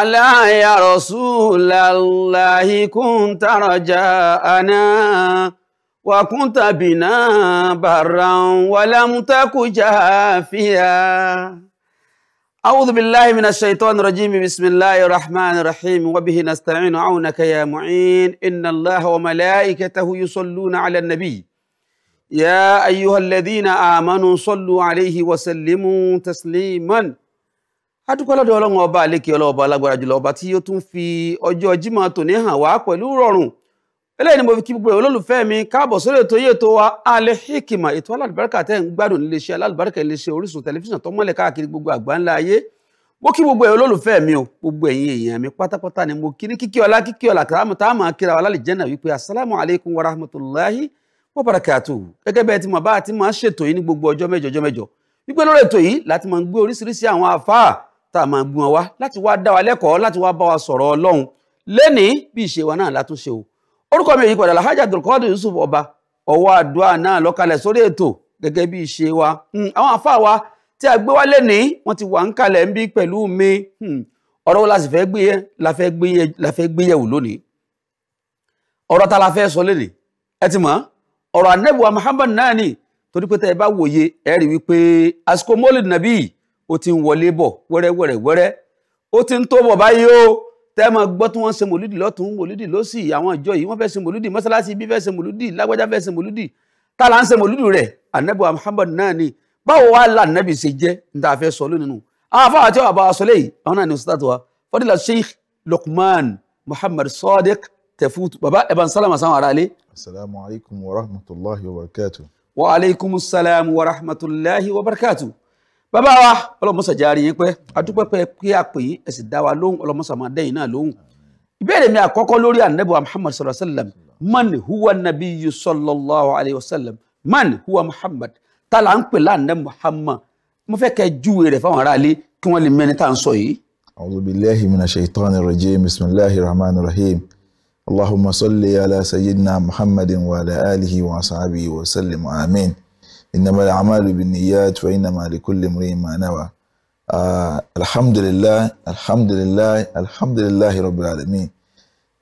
ألا يا رسول الله كنت رجاءنا وكنت بنا برا ولم تك جافيا أعوذ بالله من الشيطان الرجيم بسم الله الرحمن الرحيم وبه نستعين عونك يا معين إن الله وملائكته يصلون على النبي يا أيها الذين آمنوا صلوا عليه وسلموا تسليماً adúpẹ́ lọ́dọ̀ ọlọ́run ọba àlékè ọlọ́ọba alágbára jùlọ ọba tí ó tún fi ọjọ́ jímọ̀ tòní hàn wá pẹ̀lú rọrùn eléyìí ni mo fi kí gbogbo olólùfẹ́ mi káàbọ̀ sórí ètò yìí ètò wa alẹ́ hikima ètò alálùbáríkà tẹ́ ń gbádùn nílé iṣẹ́ alálùbáríkà iléeṣẹ́ orísun tẹlifíṣàn tó mọ́lẹ̀ káàkiri gbogbo àgbáńlá ayé mo kí gbogbo olólùfẹ́ mi o gbogbo ẹ̀yin èèyàn mi pátápátá ni mo kí ní kíkí ọlá kíkí ọlá kàrámù tá a máa kíra wa lálẹ́ jẹ́nà wípé asalaamu alaykum wa rahmatulahi wa barakatu gẹ́gẹ́ bẹ́ẹ̀ tí mo bá ti máa ṣètò yìí ní gbogbo ọjọ́ mẹ́jọ ọjọ́ mẹ́jọ wípé lórí ètò yìí láti máa gbé oríṣiríṣi àwọn àfáà tá a máa gbọ́n wá láti wá dá wa lẹ́kọ̀ọ́ láti wá bá wa sọ̀rọ̀ ọlọ́run lẹ́nìí bí ìṣe wa náà látúnṣe o orúkọ mi yìí padà Alhaji Yusuf Ọba ọwọ́ àdúrà náà lọ́kalẹ̀ sórí ètò gẹ́gẹ́ bí ìṣe wa hmm, àwọn àfáà wa tí a gbé wá lẹ́nìí wọ́n ti wà ń kalẹ̀ ń bí pẹ̀lú mi hmm, ọ̀rọ̀ wo la sì fẹ́ gbé yẹ la fẹ́ gbé yẹ̀wò lónìí ọ̀rọ̀ ta la fẹ́ sọ lónìí ẹ ti mọ̀ ọ̀rọ̀ Ànábì wa náà ni torí pé tẹ́ ẹ bá wòye ẹ rí wípé àsìkò mọ́lì ó ti ń wọlé bọ̀ wẹ́rẹ́wẹ́rẹ́wẹ́rẹ́ ó ti ń tó bọ̀ báyìí o tẹ́ máa gbọ́ tí wọ́n ṣe mòlúdì lọ́tún mòlúdì lọ́sì àwọn ìjọ yìí wọ́n fẹ́ ṣe mòlúdì mọ́sálásí bí fẹ́ ṣe mòlúdì lágbájá fẹ́ ṣe mòlúdì tá là ń ṣe mòlúdì rẹ̀ ànábì Muhammad náà ni báwo wá là ànábì ṣe jẹ́ ní tá a fẹ́ sọ lónìí nù àwọn afáwà tí wọ́n sọ léyìí àwọn náà ni ustaz wa fadila sheikh Lukman Muhammad Sadiq Tefut baba ẹ̀bàn sálàmà sáwọn ará ilé. asalaamualeykum wa rahmatulahi wa barakatu. wa aleykum salaam wa rahmatulahi wa barakatu bàbá wa ọlọmọsà járe yín pẹ́ adúpẹ́ pé pé àpè yín ẹ sì dá wa lóhùn ọlọmọsà máa dẹ́yìn náà lóhùn ìbéèrè mi àkọ́kọ́ lórí ànábì muhammad sallallahu alayhi wa sallam man huwa nabiyyu sallallahu alayhi wa sallam man huwa muhammad ta la ń pè lánàá muhammad mo fẹ́ kẹ́ júwe rẹ̀ fáwọn aráalé kí wọ́n lè mẹ́ni tá à ń sọ yìí. a'udhu billahi minash shaitani rajim bismillahi rahman rahim allahumma salli ala sayyidina muhammadin wa ala alihi wa sahbihi wa sallim amin innamal a'malu binniyat wa innama likulli imri'in ma nawa alhamdulilayi alhamdulilayi alhamdulilayi rabbil alamin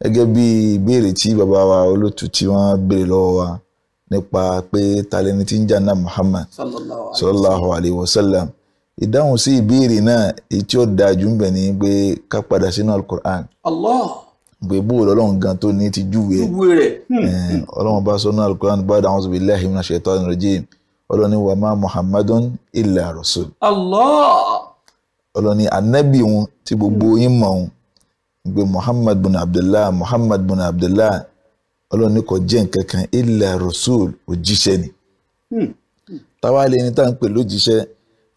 gẹ́gẹ́ bí ìbéèrè tí bàbá wa olótú tí wọ́n béèrè lọ́wọ́ wa nípa pé talẹ́ni tí ń jà náà Muhammad sallallahu alayhi wa sallam ìdáhùn sí ìbéèrè náà èyí tí ó dáa jù ń bẹ̀ ni pé ká padà sínú alukur'an. Allah pé bóòlù gan tó ní ti júwe ọlọ́run bá sọ náà alukur'an ba'da a'udhu billahi minash shaitanir ọlọ́ni wa ma muhammadun illa rasul. Allah. ọlọ́ni anabi wọn tí gbogbo yín mọ̀ wọn gbé muhammad bin abdullah muhammad bin abdullah ọlọ́ni kò jẹ́ nǹkan kan illa rasul òjíṣẹ́ ni. Hmm. táwa lè ní tá à ń pè lójíṣẹ́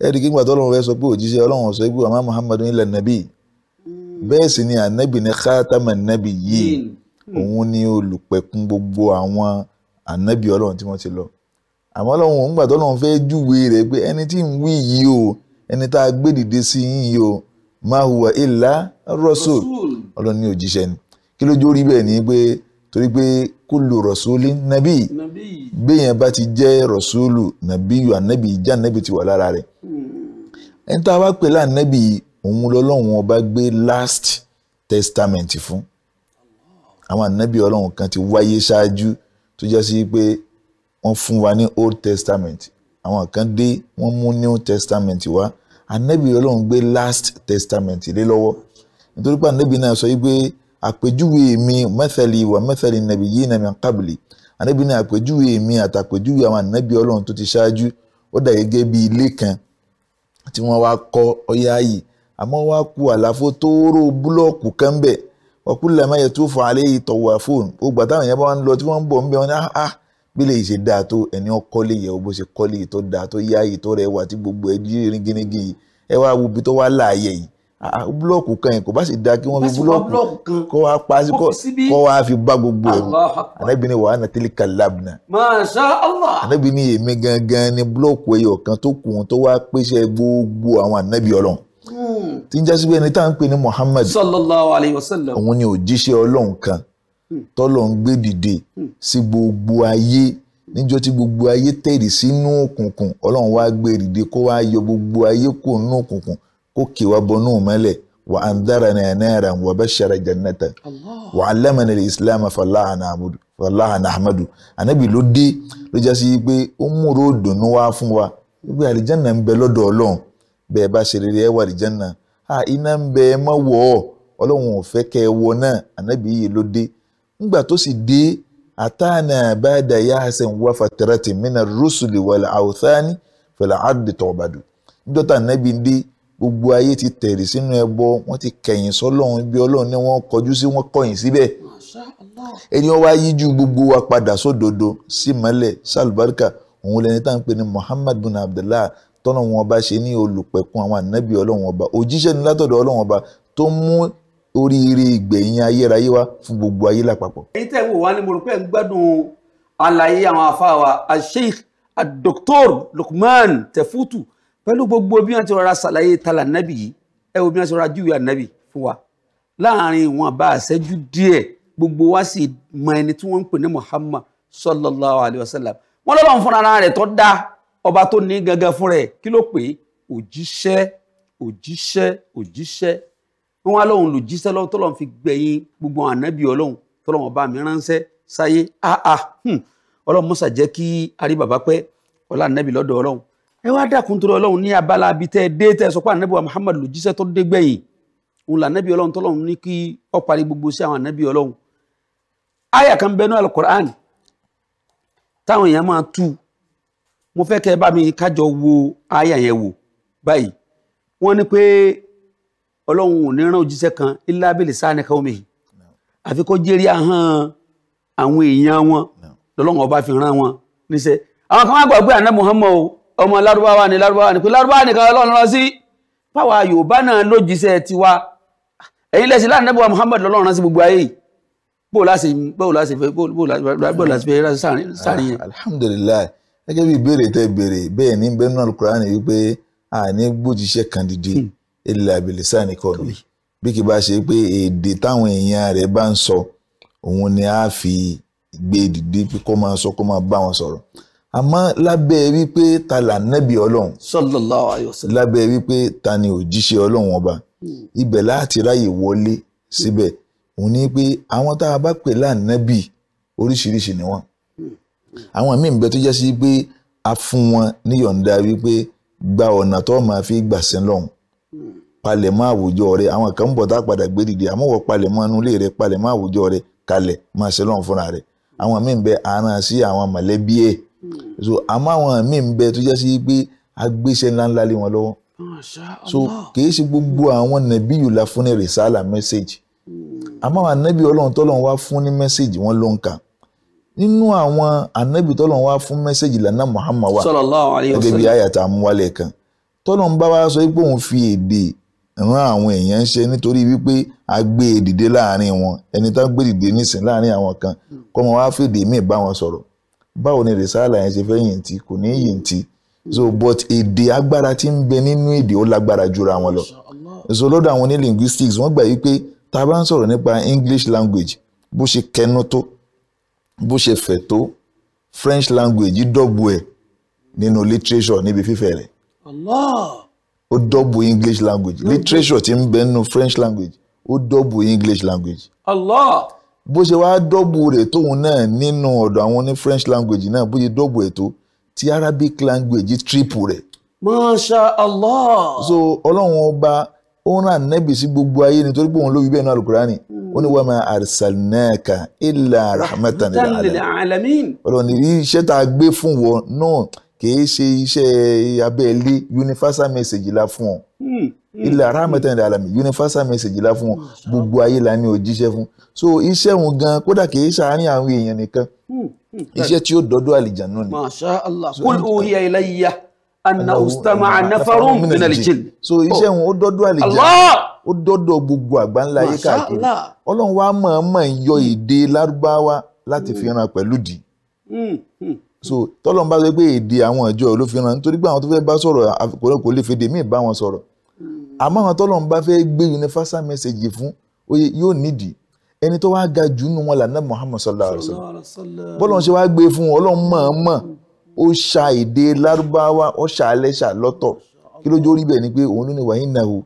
ẹ̀rí kí n gbà tó ọlọ́run fẹ́ sọ pé òjíṣẹ́ ọlọ́run sọ pé wa muhammadun illa nabi hmm. bẹ́ẹ̀ sì ni anabi ni khatama nabi yìí hmm. òun ni olùpẹ̀kun gbogbo àwọn anabi ọlọ́run tí wọ́n ti lọ àmọ́ lọ́hùn ńgbà tó lọ́hùn fẹ́ẹ́ júwe rẹ̀ pé ẹni tí ń wí yìí o ẹni tá a gbé dìde sí yìí o máa hùwà ìlà rọ́sùl ọlọ́run ní òjíṣẹ́ ni kí ló jó rí bẹ́ẹ̀ ni pé torí pé kúlù rọ̀súlì nàbí béèyàn bá ti jẹ́ rọ̀súlù nàbí yù ànábì ìjà ànábì ti wà lára rẹ̀ hmm. ẹni tá a bá pè lánàbì òun lọ́lọ́run ọba gbé last testament fún àwọn ànábì ọlọ́run kan ti wáyé ṣáájú tó jẹ́ sí pé wọ́n fún wa ní old testament àwọn kan dé wọ́n mú new testament wá anabi ọlọ́run gbé last testament lé lọ́wọ́ nítorí pé anabi náà sọ wípé àpèjúwe mi mẹ́tẹ̀lì wà mẹ́tẹ̀lì nàbí yìí nàbí àkàbìlì anabi náà àpèjúwe mi àtàpèjúwe àwọn anabi ọlọ́run tó ti ṣáájú ó dà gẹ́gẹ́ bí ilé kan tí wọ́n wá kọ́ ọyá yìí àmọ́ wá ku àlàfo tóóró búlọ́ọ̀kù kan bẹ̀ wọ́n kú tó fọ alẹ́ yìí tọ̀wọ̀ fóònù ó gbà táwọn yẹn bá wọn lọ tí wọ́n ń bọ̀ ń bẹ̀ wọn ní ah ah bí lè ṣe dáa tó ẹni ọkọ́lé yẹ̀ bó ṣe kọ́lé tó dáa tó yáàyè tó rẹwà tí gbogbo ẹ jí ríngíríngí yìí ẹ wá wo ibi tó wá láàyè yìí búlọ́ọ̀kù kan yìí kò bá sì dáa kí wọ́n fi búlọ́ọ̀kù kọ́ wá pa sí kọ́ wá fi bá gbogbo ẹ̀rù ànábì ni wàhánà tilka labna Masha Allah ànábì ni èmi gangan ni búlọ́ọ̀kù ẹyọ kan tó kù tó wá pèsè gbogbo àwọn ànábì ọlọ́run hmm. tí ń jásí pé ẹni tá à ń pè ní Muhammad òun ni òjíṣẹ́ ọlọ́run kan Hmm. tọ́lọ̀ ń gbé dìde hmm. sí gbogbo ayé níjọ́ tí gbogbo ayé tẹ̀rì sínú òkùnkùn ọlọ́run wá gbé e dìde kó wá yọ gbogbo ayé kó nínú òkùnkùn kó kì wá bọ́nú mọ́lẹ̀ wa andarana naran wa bashara jannata wa allamana al-islam falaha nahmadu anabi ló dé ló já sí pé ó múrò dùnú wá fún wa wípé àlìjánà ń bẹ lọ́dọ̀ ọlọ́run bẹ́ẹ̀ bá ṣe rere ẹ wà àlìjánà iná ń bẹ ẹ mọ́ wọ̀ ọ́ ọlọ́run ò fẹ́ kẹ́ ẹ wọ náà anabi yìí ló dé ńgbà tó sì dé àtànà bàdà yá hasan wà fàtàràtì mìnà rúṣùlì wàlà àwùtáni fẹlẹ àdè tọ̀bàdù níjọ́tà nàbí dé gbogbo ayé ti tẹ̀rì sínú ẹbọ wọ́n ti kẹ̀yìn sọ́lọ́run bí ọlọ́run ni wọ́n kọjú sí wọ́n kọ̀yìn síbẹ̀ ẹni wọ́n wá yíjú gbogbo wa padà sódodo sí mọ́lẹ̀ sálùbáríkà òun lẹni tá à ń pè ní Muhammad bin Abdullah tọ́nà wọn bá ṣe ní olùpẹ̀kun àwọn ànábì ọlọ́run ọba òjíṣẹ́ ni látọ̀dọ̀ ọlọ́run ọba tó mú oríire ìgbẹ̀yìn ayérayé wa fún gbogbo ayé lápapọ̀. èyí tẹ́ wò wá ní mo rò pé ń gbádùn àlàyé àwọn afáwa Sheikh Dr. Lukman Tefutu pẹ̀lú gbogbo bí wọ́n ti rọra ṣàlàyé tala nábì yìí ẹ wo bí wọ́n ti rọra júwe ànábì fún wa láàrin wọn bá àṣẹjú díẹ̀ gbogbo wa sì mọ ẹni tí wọ́n ń pè ní Muhammad sallallahu alayhi wa sallam wọ́n lọ́wọ́ fúnra ara rẹ̀ tó dá ọba tó ní gangan fún rẹ̀ kí ló pè é òjíṣẹ́ òjíṣẹ́ òjíṣẹ́ wọn wá lóhun lòjíṣẹ́ lọ́wọ́ tọ́lọ́run fi gbẹ̀yìn gbogbo ànábì ọlọ́run tọ́lọ́run ọba mi ránṣẹ́ sáyé áá ọlọ́run mọ́sà jẹ́ kí arí bàbá pẹ́ ọlá ànábì lọ́dọ̀ ọlọ́run ẹ wá dákun torí ọlọ́run ní abala abi tẹ́ dé tẹ́ sọ pé ànábì wa Muhammad lòjíṣẹ́ tó dé gbẹ̀yìn òun là ànábì ọlọ́run tọ́lọ́run ní kí ó parí gbogbo sí àwọn ànábì ọlọ́run àyà kan bẹnu alukur'an táwọn èèyàn máa tú ọlọ́run ò ní rán òjíṣẹ́ kan ilá abẹ́lẹ̀ sáà ní káwọn èyí àfi kó jẹ́rí ahọ́n àwọn èèyàn wọn lọ́lọ́run ọba fi rán wọn níṣẹ́ àwọn kan wá gbọ́ pé àná Muhammad ọmọ lárúbáwá ni lárúbáwá ni pé lárúbáwá nìkan ọlọ́run rán sí páwa Yorùbá náà lójíṣẹ́ tiwa ẹ̀yin lẹ́sìn láti nẹ́bùwá Muhammad lọ́lọ́run rán sí gbogbo ayé yìí bóò láti bóò láti fẹ́ bóò láti fẹ́ láti sáàrin yẹn. alhamdulilayi gẹ́gẹ́ bí ìbéèrè tẹ́ béèrè bẹ́ẹ̀ ní bẹ́ẹ̀ náà Al-Qur'ani wípé àní gbòjíṣẹ́ kan dìde. Hmm illa bilisani kọbi bí kì bá ṣe pé èdè táwọn èèyàn rẹ̀ bá ń sọ òun ni a fi gbé dìde pé kó máa sọ kó máa bá wọn sọ̀rọ̀ àmọ́ lábẹ́ wípé ta là nẹ́bí ọlọ́run sallallahu alaihi wasallam lábẹ́ wípé ta ni òjíṣẹ́ ọlọ́run ọba hmm. ibẹ̀ láti ráyè wọlé síbẹ̀ òun ni pé àwọn tá a bá pè lánàbì oríṣiríṣi ni wọ́n hmm. àwọn míì ń bẹ tó jẹ́ sí pé a fún wọn níyọ̀ǹda wípé gba ọ̀nà tó máa fi gbà sí lọ́hùn palẹ̀mọ́ àwùjọ rẹ àwọn kan ń bọ̀ tá a padà gbé dìde àmọ́ wọ́n palẹ̀mọ́ inú ilé rẹ palẹ̀mọ́ àwùjọ rẹ kalẹ̀ máa ṣe lọ́n fúnra rẹ àwọn míì ń bẹ aran sí àwọn mọ̀lẹ́bí ẹ̀ hmm. so àmọ́ àwọn míì ń bẹ tó jẹ́ sí pé agbéṣẹ́ ńláńlá lé wọn lọ́wọ́ so kìí ṣe gbogbo àwọn nàbí yìí la fún ní rìsálà mẹ́sẹ̀gì hmm. àmọ́ àwọn ọlọ́run wọn ló ń kà nínú àwọn tọ́lọ́run wá fún Muhammad wa gẹ́gẹ́ bí kan tọ́nà ń bá wa sọ pé òun fi èdè ran àwọn èèyàn ń ṣe nítorí wípé a gbé e dìde láàrin wọn ẹni tó ń gbé dìde nísìn láàrin àwọn kan kọ́mọ wa fèdè míì bá wọn sọ̀rọ̀ báwo ni rìsáàlà yẹn ṣe fẹ́ yìntì kò ní yìntì so but èdè agbára tí ń bẹ nínú èdè ó lágbára jura wọn lọ so lọ́dọ̀ àwọn ní linguistics wọ́n gbà wípé tá a bá ń sọ̀rọ̀ nípa English language bó ṣe kẹnu tó bó ṣe fẹ̀ tó French language dọ́gbu ẹ̀ nínú literature níbi fífẹ̀ rẹ̀ Allah. ó dọ́bù english language literature ti ń bẹ nínú french language ó dọ́bù english language. Allah. bó ṣe wá dọ́bù rẹ̀ tóun náà nínú ọ̀dọ̀ àwọn ní french language náà bó ṣe dọ́bù ẹ̀ tó ti arabic language triple rẹ̀. masha allah. so ọlọ́run ọba ó rán ànábì sí gbogbo ayé nítorí pé òun ló wí bẹ́ẹ̀ náà alukurani ó ní wàá máa arsalnaka illa rahmatan lil alamin. ọlọ́run ní iṣẹ́ tá a gbé fún wọn náà. No kìí ṣe iṣẹ́ abẹ́lé universal message la fún ọ hmm, hmm. ilẹ̀ aramẹ́tẹ̀ẹ̀dì alami universal message la fún ọ hmm. gbogbo ayé la ní òjíṣẹ́ fún so iṣẹ́ òun gan kódà kìí ṣàárín àwọn èèyàn nìkan iṣẹ́ tí ó dọ́dọ́ àlìjánu ni. masha allah kul uhiya ilayya anna ustama'a nafarun min al-jinn. so iṣẹ́ oh. òun ó dọ́dọ́ àlìjánu ó dọ́dọ̀ gbogbo àgbáńlá ayé káàkiri ọlọ́run wa mọ̀ọ́mọ̀ yọ èdè lárúbáwá láti fi ran pẹ̀lú dì so tọ́lọ́n bá sọ pé èdè àwọn ìjọ ló fi ràn nítorí pé àwọn tó fẹ́ bá sọ̀rọ̀ àkọ́lọ́ kò lè fèdè míì bá wọn sọ̀rọ̀ àmọ́ àwọn tọ́lọ́n bá fẹ́ gbé universal message fún oye yóò nídìí ẹni tó wá ga jù nù wọn lànà Muhammad sallallahu alaihi wa sallam bọ́lọ̀ ṣe wá gbé fún wọn ọlọ́run mọ̀ọ́mọ̀ ó ṣa èdè lárúbáwá ó ṣa alẹ́ṣà lọ́tọ̀ kí lójú ó rí ni pé òun ló ní wàhíìnà o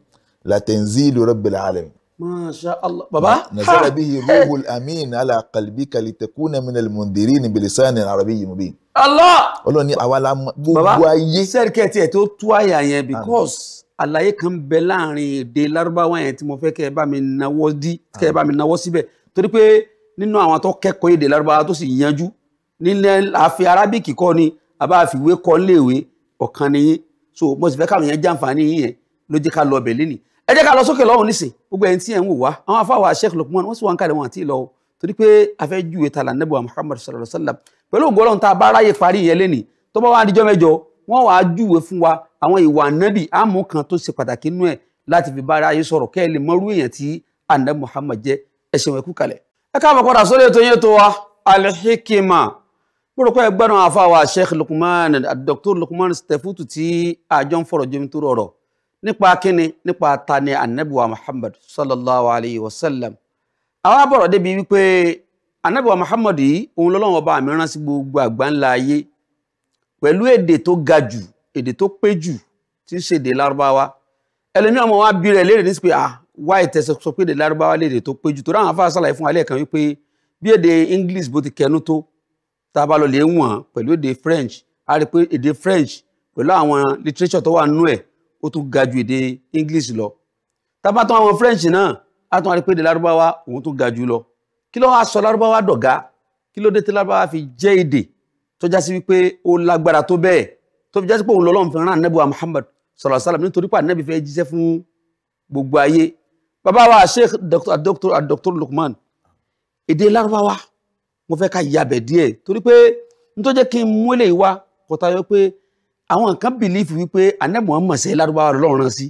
latenzi lorabbil alamin masha allah baba. nazara bihi ruhul amin ala qalbika litakuna minal mundirin bilisani arabiyi mubin. allah. ọlọ́ni àwa la mọ gbogbo ayé. sẹ́ẹ̀rì kẹ́ẹ̀tì ẹ̀ tó tú àyà yẹn because àlàyé kan bẹ láàrin èdè lárúbáwá yẹn tí mo fẹ́ kẹ́ ẹ bá mi nawọ́ dí kẹ́ ẹ bá mi nawọ́ síbẹ̀ torí pé nínú àwọn tó kẹ́kọ̀ọ́ èdè lárúbáwá tó sì yanjú nílẹ̀ àfi arábìkì kọ́ ni àbáfiwé kọ́ léèwé ọ̀kan nìyí so mo sì fẹ́ káwọn yẹn jàǹfààní yẹn ló jẹ́ ká lọ ọbẹ̀ lénìí ẹ jẹ́ ká lọ sókè lọ́hùn nísìn gbogbo ẹni tí ẹ̀ ń wò wá àwọn afáwà Sheikh Lukman wọ́n sì wọ́n ń kàlẹ̀ wọn àti ìlọ torí pé afẹ́ ju ìtàlà nẹ́bùwà Muhammad sallallahu alaihi wasallam pẹ̀lú ògbó ọlọ́run tá a bá ráyè parí ìyẹn lẹ́nìí tó bá wá díjọ́ mẹ́jọ wọ́n wàá júwe fún wa àwọn ìwà ànábì àmú kan tó ṣe pàtàkì nú ẹ̀ láti fi bára ayé sọ̀rọ̀ wa Sheikh Lukman Dr. Lukman Stefutu tí àjọ nípa kíni nípa tani anabiwa muhammad sallallahu alayhi wa sallam àwọn abọ̀rọ̀ débi wípé anabiwa muhammad yìí òun lọ́lọ́wọ́ bá mi rán sí gbogbo àgbáńlá ayé pẹ̀lú èdè tó ga jù èdè tó pé jù tí ń ṣèdè lárúbáwá ẹlòmíì ọmọ wa bí rẹ̀ léèrè ní sí pé ah wá ìtẹ̀sẹ̀ sọ pé èdè lárúbáwá lédè tó pé jù torí àwọn afáà sàlàyé fún alẹ́ kan wípé bí èdè english bó ti kẹnu tó tá a bá lọ lè wọ̀n pẹ̀lú èdè french a rí pé èdè french pẹ̀lú àwọn literature tó wà nú ẹ̀ ó tún ga ju èdè english lọ tabatọ́ àwọn french náà a tún wá rí pé èdè lárúbáwá òun tún ga jù lọ kí ló wá sọ lárúbáwá dọ̀gá kí ló dé tí lárúbáwá fi jẹ́ èdè tó jásí wípé ó lágbára tó bẹ́ẹ̀ tó fi jásí pé òun lọ́lọ́run fi rán ànábì wa muhammad sallallahu alaihi wasallam nítorí pé ànábì fẹ́ jíṣẹ́ fún gbogbo ayé bàbá wa sheikh dr dr lukman èdè lárúbáwá mo fẹ́ ká yabẹ̀ díẹ̀ torí pé n tó jẹ́ kí n mú eléyìí wá kọ́tayọ pé àwọn kan bìlífì wípé anẹ́ Muhammad ṣe lárúbáwá lọ́rùn rán sí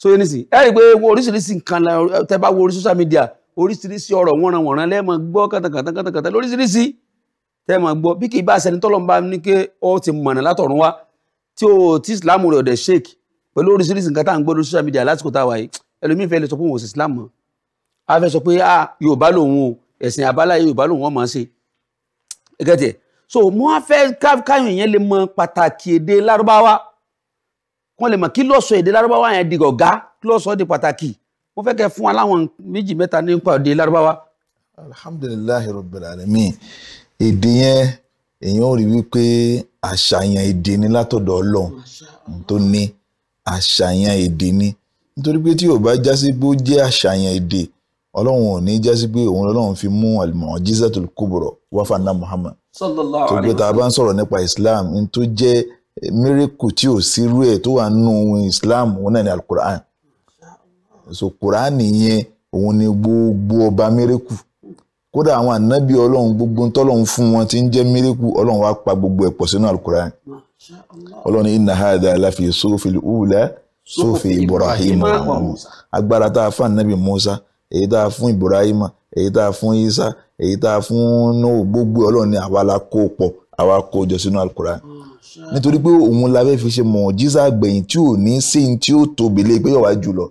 so yẹn nísìn ẹ rí i pé oríṣiríṣi nǹkan tẹ bá wo orí social media oríṣiríṣi ọ̀rọ̀ wọ̀nran wọ̀nran lẹ́ẹ̀mọ̀ gbọ́ kàtàkàtà kàtàkàtà lóríṣiríṣi tẹ́ẹ̀mọ̀ gbọ́ bí kì í bá ṣẹni tọ́lọ́ bá ní pé ó ti mọ̀nà látọ̀run wá tí ó ti islam rẹ̀ ọ̀dẹ̀ sheikh pẹ̀lú oríṣiríṣi nǹkan tá à ń gbọ́ lórí social media lásìkò tá a wà yìí ẹlòmíín fẹ́ lè sọ pé òun ò sí islam mọ́ a fẹ́ sọ pé ah yorùbá lòun o ẹ̀sìn àbáláyé yorùbá lòun wọ́n máa ṣe ẹgẹ́tẹ̀ so mo wá fẹ́ káyọ̀ yẹn lè mọ pàtàkì èdè lárúbáwá wọ́n lè mọ̀ kí lọ́sọ èdè lárúbáwá yẹn di gọ̀gá kí lọ́sọ di pàtàkì mo fẹ́ kẹ́ fún wa láwọn méjì mẹ́ta nípa èdè lárúbáwá. alhamdulilayi rabbil alamin èdè yẹn èèyàn rí wípé àṣàyàn èdè ni látọ̀dọ̀ ọlọ́run tó ní àṣàyàn èdè ni nítorí pé tí yóò bá se bó jẹ́ àṣàyàn èdè ọlọ́run ò ní jásí pé òun lọ́lọ́run fi mú al-mu'jizatul kubra wáfà náà Muhammad tó gbé tá a bá ń sọ̀rọ̀ nípa Islam n tó jẹ́ mírèkù tí ò sírú ẹ̀ tó wà nù Islam òun náà ní al-Qur'an so Qur'an yẹn òun ni gbogbo ọba mírèkù kódà àwọn ànábì ọlọ́run gbogbo ń tọ́lọ́run fún wọn ti ń jẹ́ mírèkù ọlọ́run wá pa gbogbo ẹ̀ pọ̀ sínú al ọlọ́run ní inna hadha lafi sufil ula sufi tá a fà nábì Musa èyí tá a fún ibrahima èyí tá a fún isa èyí tá a fún noah gbogbo ọlọ́run ni àwa la kó pọ̀ àwa kó jọ sínú alukurani nítorí pé òun la fẹ́ fi ṣe mọ̀ jísà gbẹ̀yìn tí ò ní sí ní tí ó tóbi lé pé yọ̀wá jùlọ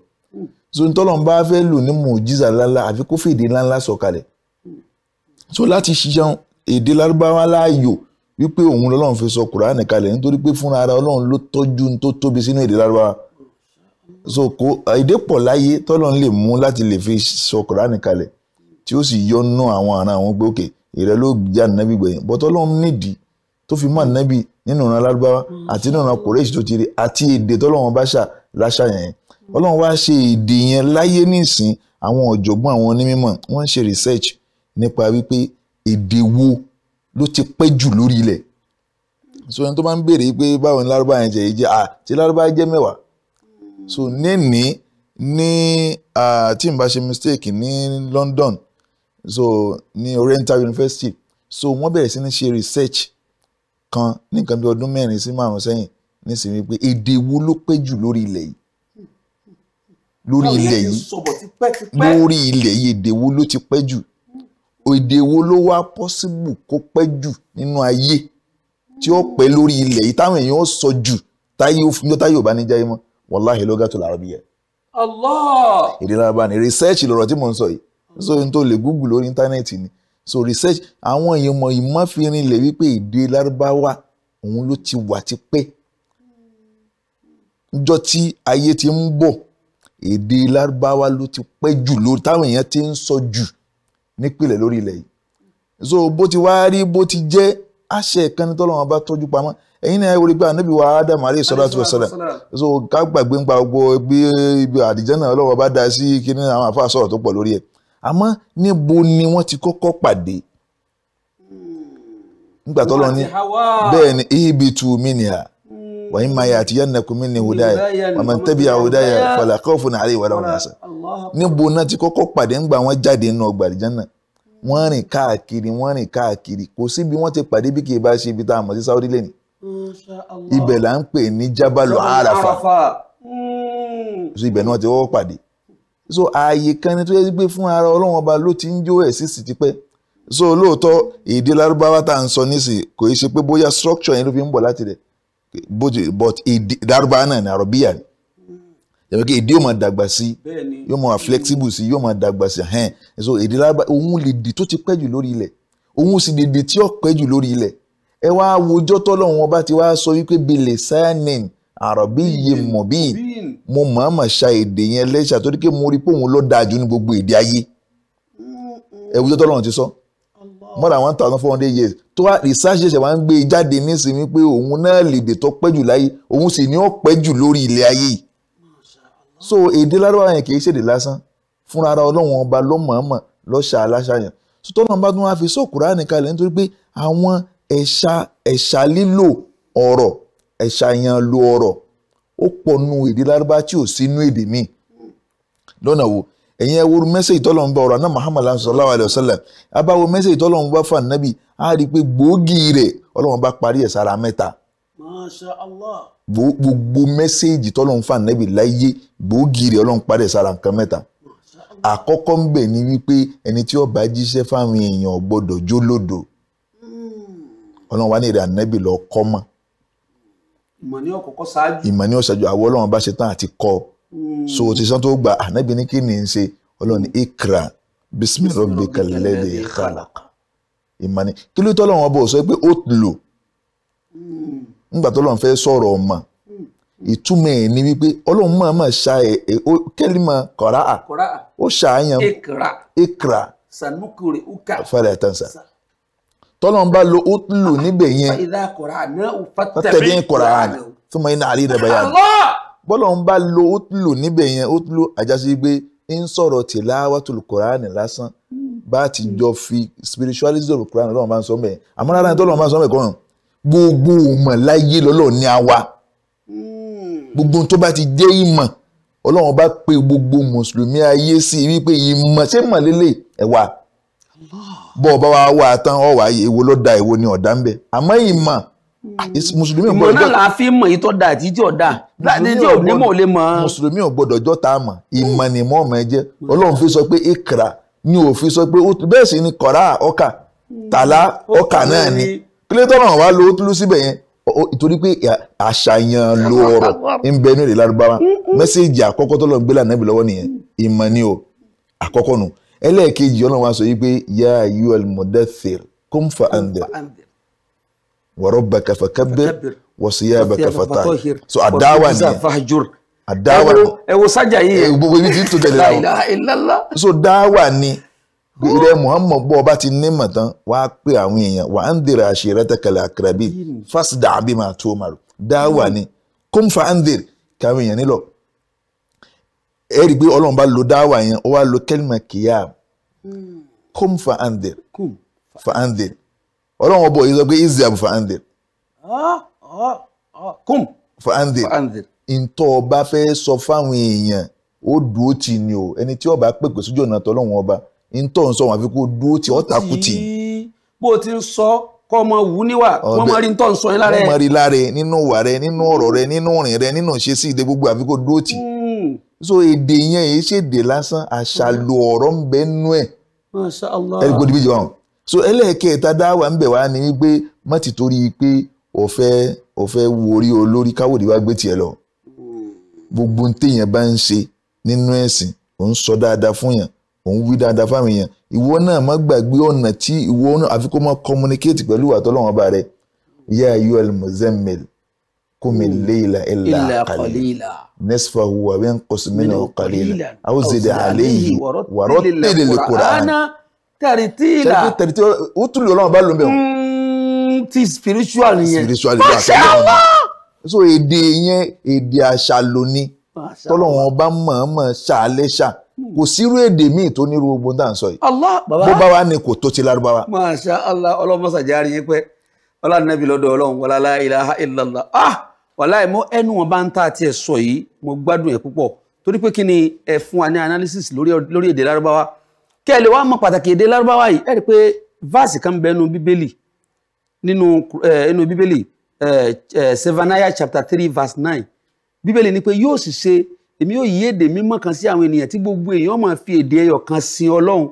so ntọ́lọ́n bá fẹ́ lò ní mọ̀ jísà ńláńlá àfi kó fèdè ńláńlá sọ̀kalẹ̀ so láti ṣiṣẹ́ èdè lárúbáwá láàyò wípé òun lọ́lọ́run fi sọ kùránì kalẹ̀ nítorí pé fúnra ara ọlọ́run ló tọ́jú tó tóbi sínú èdè lárúbáwá so kò èdè pọ̀ láyé tọ́lọ́ lè mú láti lè fi sọ kùránì kalẹ̀ tí ó sì yọnu àwọn àna àwọn pé òkè ìrẹ ló já nàbí gbẹ̀yìn bọ́tọ́ lọ́n nídìí tó fi mọ́ nàbí nínú ìran lárúbáwá àti nínú ìran kòrèṣì tó ti rí àti èdè tọ́lọ́wọ́n bá ṣà láṣà yẹn ọlọ́run wá ṣe èdè yẹn láyé nísìn àwọn ọ̀jọ̀gbọ́n àwọn onímọ̀ wọ́n ń ṣe research nípa wípé èdè wo ló ti pẹ́ jù lórí ilẹ̀ so ẹni tó máa ń béèrè pé báwo ni lárúbáwá yẹn jẹ́ yìí jẹ́ à ti lárúbáwá jẹ́ mẹ́wàá so nẹ́ẹ̀ni ní tí n bá ṣe mistake ní London so ní Oriental University so wọ́n bẹ̀rẹ̀ sí ní ṣe research kan ní nǹkan bí ọdún mẹ́rin sí márùn-ún sẹ́yìn nísìnyí pé èdè wo ló pé jù lórí ilẹ̀ yìí lórí ilẹ̀ yìí lórí ilẹ̀ yìí èdè wo ló ti pẹ́ jù èdè wo ló wá pọ́síbù kó pẹ́ jù nínú ayé tí ó pẹ́ lórí ilẹ̀ yìí táwọn èèyàn ó sọ jù táyé ó fi yọ táyé ò bá ní jáyé mọ́ wàláhì lógàtò làrọ̀bíyà. Allah. èdè lárúbá ni research lọ̀rọ̀ tí mo ń sọ yìí so n tó lè google lórí íńtánẹ́ẹ̀tì ni so research àwọn ìmọ̀ ìmọ̀ fi rinlẹ̀ wípé èdè lárúbáwá òun ló ti wà ti pẹ́ njọ́ tí ayé ti ń bọ̀ èdè lárúbáwá ló ti pẹ́ jù lórí táwọn èèyàn ti ń sọ jù nípìnlẹ̀ lórí ilẹ̀ yìí so bó ti wá rí bó ti jẹ́ àṣẹ ìkànnì tọ́lọ́wọ́n bá tọ́jú pamọ́ ẹ̀yin náà orí gba níbi wàá Adam alayhi salatu wa salam so ká gbàgbé ń gba gbogbo bí ibi àdìjẹ́ náà lọ́wọ́ bá da sí kí àwọn àfa sọ̀rọ̀ tó pọ̀ lórí ẹ̀ àmọ́ níbo ni wọ́n ti kọ́kọ́ pàdé nígbà tó lọ ní bẹ́ẹ̀ ni ibi tù mí nìyà wàyí máa yà àtìyá nàkú mí ní hudaya wàmọ̀ tẹ́bi àhudaya fàlà khawfun alayhi wala hum yahzanun níbo náà ti kọ́kọ́ pàdé ńgbà wọ́n jáde nínú ọgbà àdìjẹ́ náà wọ́n rìn káàkiri wọ́n rìn káàkiri kò síbi wọ́n ti pàdé bí kì í bá ṣe ibi tá a mọ̀ sí Saudi lẹ́nìí ibẹ̀ là ń pè ní jábàlù àràfà so ibẹ̀ ni wọ́n ti wọ́wọ́ pàdé so ààyè kan ni tó yẹ pé fún ara ọlọ́wọ́n ọba ló ti ń jó ẹ̀ sísì tipẹ́ so lóòótọ́ èdè lárúbáwá tá à ń sọ nísìnyí kò í ṣe pé bóyá structure yẹn ló fi ń bọ̀ láti rẹ̀ but èdè lárúbáwá náà ni àrọ̀bíyà ni yàtọ̀ kí èdè yóò máa dàgbà sí yóò máa flexible sí yóò máa dàgbà sí ẹ̀hẹ́n so èdè lárúbáwá òun lè dì tó ti pẹ́ jù lórí ilẹ̀ òun sì lè dì tí ó pẹ́ jù lórí ilẹ̀ ẹ wá wojọ́ tọ́lọ́run ọba ti wá sọ wípé bilẹ̀ sanin àròbí iye mọ̀bí mo màmá ṣa èdè yẹn lẹ́ṣà torí pé mo rí pé òun ló dáa jù ní gbogbo èdè ayé ẹ wojọ́ tọ́lọ́run ti sọ more than one thousand four hundred years tó wá research ṣẹ̀ṣẹ̀ wá ń gbé e jáde nísìnyí pé òun náà lèdè tó pẹ́ jù láyé òun sì ní ó pẹ́ jù lórí ilẹ̀ ayé so èdè lárúbáwá yẹn kì í ṣèdè lásán fúnra ara ọlọ́run ọba lọ́mọ̀ọ́mọ̀ lọ́ṣà aláṣàyàn sọtọ́nà bá tún wá fi sọ Kùránì kalẹ̀ nítorí pé àwọn ẹ̀ṣà ẹ̀ṣà lílo ọ̀rọ̀ ẹ̀ṣà yẹn lo ọ̀rọ̀ ó pọ̀ nu èdè lárúbá tí ò sí inú èdè míì lọ́nà wo ẹ̀yin ẹ̀wòrú mẹ́sẹ̀jì tọ́lọ̀ ń bá ọ̀rọ̀ àná Muhammad sallallahu alayhi wa sallam abáwo mẹ́sẹ̀jì tọ́lọ̀ ń bá fún ànábì á rí i pé gbòógì rẹ̀ ọlọ́run bá parí ẹ̀ sára mẹ́ta. Masha Allah. gbogbo mẹ́sẹ̀jì tọ́lọ̀ ń fún ànábì láyé gbòógì rẹ̀ ọlọ́run parí ẹ̀ sára nǹkan mẹ́ta. àkọ́kọ́ ń bẹ̀ ni wípé ẹni tí ó bá jíṣẹ́ fáwọn èèyàn gbọ́dọ̀ jólódò ọlọ́run wa ní èrè ànábì lọ kọ́ mọ̀. ìmọ̀ ni ọ̀kọ̀ọ̀kọ̀ ṣáájú. ìmọ̀ ni ọ̀ṣáájú àwọn ọlọ́run bá ṣe tán àti kọ́ hmm. so ti sàn tó gba ànábì ní kí ni n ṣe ọlọ́run ní ikra bismi rabbika alladhi khalaq ìmọ̀ ni kí ló tọ́lọ́run ọba ò sọ pé ó lò hmm. nígbà tọ́lọ́run fẹ́ sọ̀rọ̀ ọmọ hmm. ìtumọ̀ ẹ̀ ni wípé ọlọ́run máa máa ṣa ẹ̀ kẹ́límà kọ̀ráà ó ṣàáyàn ikra sanukure uka fẹ́rẹ̀ tán sa tọ́lọ́n bá lo utlu ah, níbẹ̀ yẹn tẹ́tẹ̀bí ń Qur'an fún mọ́ iná àrí rẹ̀ báyà bọ́lọ́n bá lo utlu níbẹ̀ yẹn utlu àjásí gbé ń sọ̀rọ̀ tilawatul Qur'an lásán bá ti hmm. jọ fi spiritualism Qur'an lọ́wọ́n bá ń sọ mẹ́ àmọ́ rárá ni tọ́lọ́n bá ń sọ mẹ́ kọ́ràn gbogbo ìmọ̀ láyé lọ́lọ́ ní àwa hmm. gbogbo tó bá ti jẹ́ ìmọ̀ ọlọ́run bá pe gbogbo mùsùlùmí ayé sí wípé ìmọ̀ ṣé mọ̀ lélẹ̀ ẹ̀wà bọ́ ọ bá wa wá tán ọ wá ló da èwo ni ọ̀dà ń bẹ àmọ́ ìmọ̀ hmm. mùsùlùmí ò gbọ́dọ̀ ìmọ̀ náà la fi mọ̀ èyí tó da àti tí ò da láti tí ò ní mọ̀ ò lè mọ̀. mùsùlùmí ò gbọ́dọ̀ jọ́ ta mọ̀ ìmọ̀ ni mọ́ ọmọ ẹ jẹ́ hmm. ọlọ́run fi sọ pé ìkra ni òfin sọ pé bẹ́ẹ̀ sì ni kọ̀rá ọkà hmm. tàlá ọkà náà ni kílé tọ́nà wa lo tulu síbẹ̀ yẹn ìtorí pé àṣàyàn lo ọ̀rọ̀ ń bẹ ní èdè lárúbáwá mẹ́sẹ̀gì àkọ́kọ́ tó lọ gbé lànà ìbí lọ́wọ́ nìyẹn ìmọ̀ ni o àkọ́kọ́ nù ẹlẹ́ẹ̀kejì ọlọ́run wa sọ yìí pé ya ayyuhal mudaththir qum fa andhir wa rabbaka fakabbir wa siyabaka fatahhir so àdáwà nìyẹn àdáwà ẹ wo sájà yìí ibi tí tó tẹ̀lé náà so dáwà ni ìrẹ muhammed bọ́ ọba ti ní mọ̀tán wàá pé àwọn èèyàn wa andhir ashiratakal aqrabin fasda' bima tu'mar dáwà ni qum fa andhir káwọn èèyàn nílọ ẹ rí i pé ọlọ́run bá lo dáwà yẹn ó wá lo kẹ́lìmọ̀ kìíyà hmm. kum fa andel, kum fa andir ọlọ́run ọbọ̀ yìí sọ pé iziab fa andir ah, ah, ah, kum fa andel, ntọ́ ọba fẹ́ sọ fáwọn èèyàn ó dúró tì ní o ẹni tí ọba pèpè sójú ọ̀nà tọ́lọ́run ọba ntọ́ ń sọ wọn àfi kó dúró tì ọ́ takú tì. bó o ti ń sọ kọ́ ọmọ wù níwà wọ́n mọ rí ntọ́ ń sọ yín lára ẹ̀. wọ́n mọ rí lára ẹ̀ nínú ìwà rẹ̀ nínú ọ̀rọ̀ rẹ̀ nínú ìrìn rẹ̀ nínú ìṣesí ìdè gbogbo àfi kó dúró tì. Mm so èdè yẹn èyí ṣèdè lásán àṣàlò ọ̀rọ̀ ń bẹ nú ẹ̀ ẹ̀rí kò dìbìjì wọn so ẹlẹ́ẹ̀kẹta dáwà ń bẹ̀ wá ni wípé má ti torí pé ọ̀fẹ́ ọ̀fẹ́ wo orí olórí káwòdì wá gbé tiẹ̀ lọ gbogbo ń téèyàn bá ń ṣe nínú ẹ̀sìn òun sọ dáadáa fún yàn òun wí dáadáa fáwọn èèyàn ìwọ náà má gbàgbé ọ̀nà tí ìwọ náà àfi kó má communicate pẹ̀lú àtọ́lọ́wọ́n bá rẹ̀ yá ayọ́ al-muzammil قم الليل إلا قليلا نصفه وانقص منه قليلا أو زد عليه ورتل القرآن ترتيلا ترتيلا ó tún lè Ọlọ́run bá lò ń bẹ̀ wọ́n. ti spiritual yẹn spiritual yẹn àṣà lọ. so èdè yẹn èdè àṣà ló ní tọ́lọ́wọ́n bá mọ̀ọ́mọ̀ ṣàlẹ́ ṣà hmm. kò sírú èdè míì tó nírú gbogbo tá à ń sọ yìí. bó bá wà ní kò tó ti lárúbáwá. Masha Allah ọlọ́mọ sàjárí yín pẹ́ ọlá nẹ́bí lọ́dọ̀ ọlọ́run wàlá la ilaha illallah ah wàlá ìmọ̀ ẹnu wọn bá ń tà àti ẹ̀sọ́ yìí mo gbádùn ẹ̀ púpọ̀ torí pé kí ni ẹ fún wa ní analysis lórí èdè lárúbáwá kí ẹ lè wá mọ pàtàkì èdè lárúbáwá yìí ẹ rí i pé vaasi kan bẹ nínú bíbélì nínú ẹnu bíbélì Sevaniah chapter three verse nine bíbélì ni pé yóò sì ṣe èmi yóò yí èdè mímọ́ kan sí àwọn ènìyàn tí gbogbo èèyàn máa fi èdè ẹyọ kan sin ọlọ́run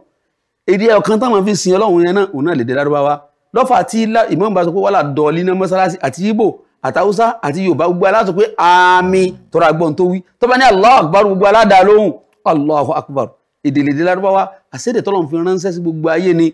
èdè ẹyọ kan táwọn fi sin ọlọ́run yẹn náà òun náà lè dé lárúbáwá lọ́fà tí ìmọ̀ ìgbà sọ pé wàhálà dọ̀ọ̀lì náà mọ́sálásí àti Ìgbò àtàwùsá àti Yorùbá gbogbo alá sọ pé àmì tọ́ra gbọ́n tó wí tó bá ní Allahu Akbar gbogbo aládàá lóhùn Allahu Akbar èdèlèdè lárúbáwá àṣẹ́dẹ̀ tọ́lọ̀ fi ránṣẹ́ sí gbogbo ayé ni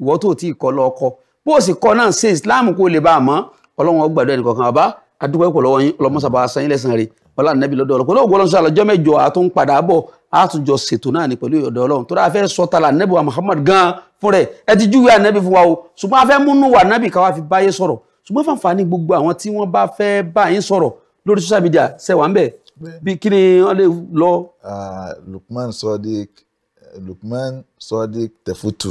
ìwọ́ tó ti kọ́ lọ ọkọ bó o sì kọ́ náà ṣe Islam kó lè bá a mọ́ Ọlọ́run ó gbàdúrà ẹnìkọ̀ọ̀kan adúgbò ẹ̀kọ́ lọ́wọ́ yín ọlọ́mọ́sàbà sanyín lẹ́sàn ọlá nàbí lọ́dọ̀ ọlọ́pọ̀ náà gbọ́dọ̀ sọ àlọ́jọ́ mẹ́jọ àtún padà bọ̀ àtúnjọ ṣètò náà ní pẹ̀lú ìyọ̀dọ̀ ọlọ́run tó dáa fẹ́ sọ tala nàbí wa Muhammad gan fún rẹ̀ ẹ ti júwe ànábì fún wa o ṣùgbọ́n a fẹ́ múnú wa nàbí káwa fi báyé sọ̀rọ̀ ṣùgbọ́n fàǹfààní gbogbo àwọn tí wọ́n bá fẹ́ bá yín sọ̀rọ̀ lórí social media ṣe wà ń bẹ̀ bí kí ni wọ́n lè lọ. Ah, Lukman Sodiq Lukman Sodiq Tefutu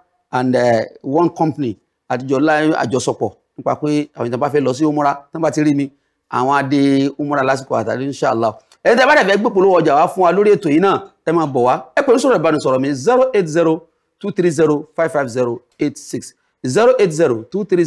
and uh, one company àtijọ́ láì àjọsọpọ̀ nípa pé àwọn ìjọba fẹ́ lọ sí umura tí wọ́n bá ti rí mi àwọn adé umura lásìkò àtàlẹ́ inshallah ẹni tẹ́ bá dẹ̀ fẹ́ gbé polówó ọjà wá fún wa lórí ètò yìí náà tẹ́ máa bọ̀ wá ẹ pẹ̀lú sọ̀rọ̀ ìbánisọ̀rọ̀ mi zero eight zero two three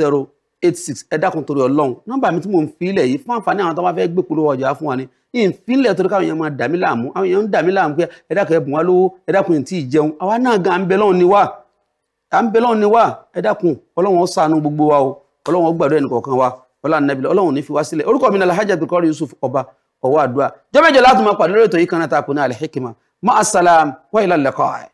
zero eight six ẹ dákun torí ọlọ́run nọ́mbà mi tí mò ń filẹ̀ yìí fún àǹfààní àwọn tó bá fẹ́ gbé polówó ọjà fún wa ni ìfilẹ̀ torí káwọn èèyàn máa dàmí láàmú àwọn èèyàn ń dàmí láàmú pé ẹ dákun ẹ bùn wá lówó ẹ dákun ẹ̀ tí ì jẹun àwa náà gan à ni wá à ni wá ẹ ọlọ́run ó gbogbo wa o ọlọ́run ó gbàdúrà ẹnìkọ̀ọ̀kan wa ọlànàbìlẹ ọlọ́run ní fi wá sílẹ̀ orúkọ mi ní alhaji abdulkari yusuf ọba ọwọ́ àdúrà jọ́mẹ́jọ láti máa pàdé lórí ètò yìí kan náà tá a ní alhikima ma asalam wa ilal liqa.